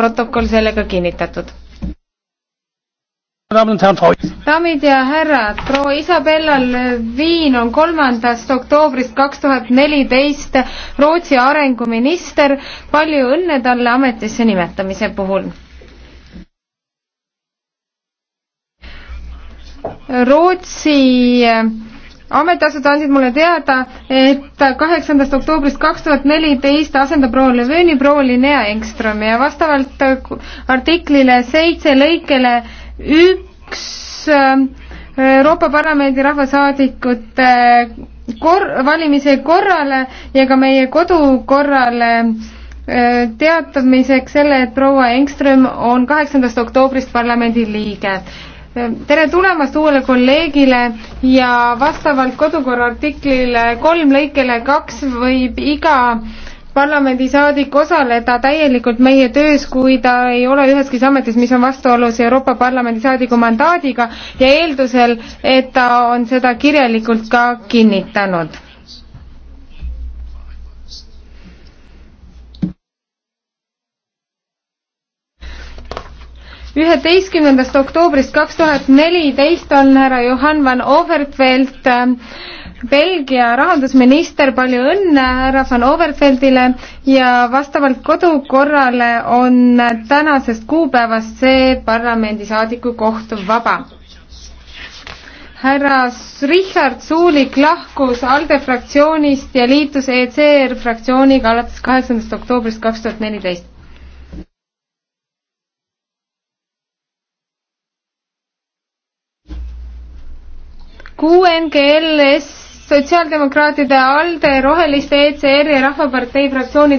protokoll sellega kinnitatud. daamid ja härrad, proua Isabella Lövin on kolmandast oktoobrist kaks tuhat neliteist Rootsi arenguminister. palju õnne talle ametisse nimetamise puhul Rootsi ametiasutused andsid mulle teada, et kaheksandast oktoobrist kaks tuhat neliteist asendab proua Leveni proua Linnea Engströmi ja vastavalt artiklile seitse lõikele üks äh, Euroopa Parlamendi rahvasaadikute kor-, valimise korrale ja ka meie kodukorrale äh, teatamiseks selle, et proua Engström on kaheksandast oktoobrist parlamendi liige tere tulemast uuele kolleegile ja vastavalt kodukorra artiklile kolm lõikele kaks võib iga parlamendisaadik osaleda täielikult meie töös, kui ta ei ole üheski ametis, mis on vastuolus Euroopa Parlamendi saadiku mandaadiga ja eeldusel, et ta on seda kirjalikult ka kinnitanud üheteistkümnendast oktoobrist kaks tuhat neliteist on härra Johan van Overtvelt ähm, Belgia rahandusminister, palju õnne härra van Overtveldile ja vastavalt kodukorrale on tänasest kuupäevast see parlamendisaadiku koht vaba. härra Richard Suulik lahkus ALDE fraktsioonist ja liitus ECR fraktsiooniga alates kaheksandast oktoobrist kaks tuhat neliteist QNGL, sotsiaaldemokraatide, ALDE, Roheliste, ECR ja Rahvapartei fraktsioonid